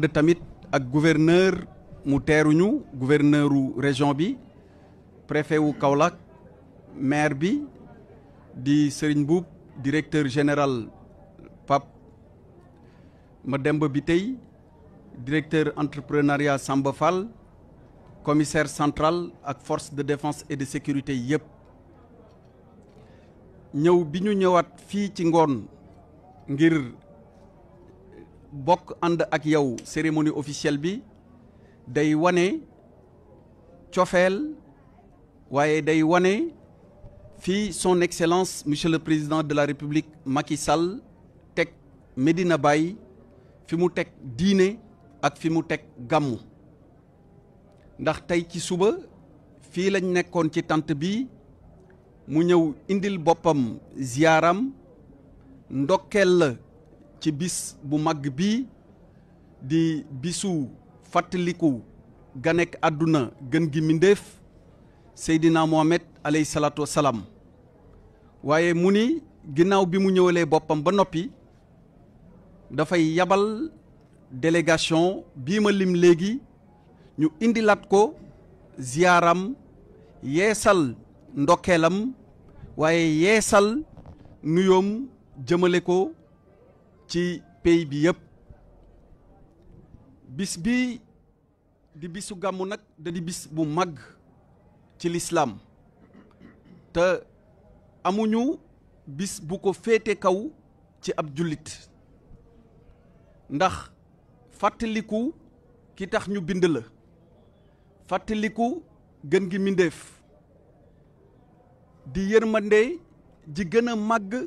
de tamit ak gouverneur mu gouverneur ou région bi préfet wu Kaolack maire bi di Serigne directeur général Pape Mademba le directeur entrepreneuriat Sambafal, commissaire central ak force de défense et de sécurité yep ñew biñu ñëwaat gir. Bok and ak yow cérémonie officielle bi day wane cofeel day fi son excellence monsieur le président de la république Makisal, Sall Medina Baye fi mu tek diine ak fi mu tek gamu ndax tay ci bi mu indil bopam ziaram, ndokel ci bis bu mag bi di bisu fàttaliku ganek àdduna gën gi mindéef Seydina Mohamed aleyhi salaatu waaye mu ni ginnaaw bi mu ñëwalee boppam ba noppi dafay yabal délégation bii ma lim léegi ñu indilaat ko ziyaaram yeesal ndokkeelam waaye yeesal nuyoom jëmale ko ci pays bi yépp bis bi di bisu gàmmu nag da di bis bu mag ci lislaam te amuñu bis bu ko féete kaw ci ab jullit ndax fàttaliku ki tax ñu bind la fàttaliku gën gi mindeef di ji gën a màgg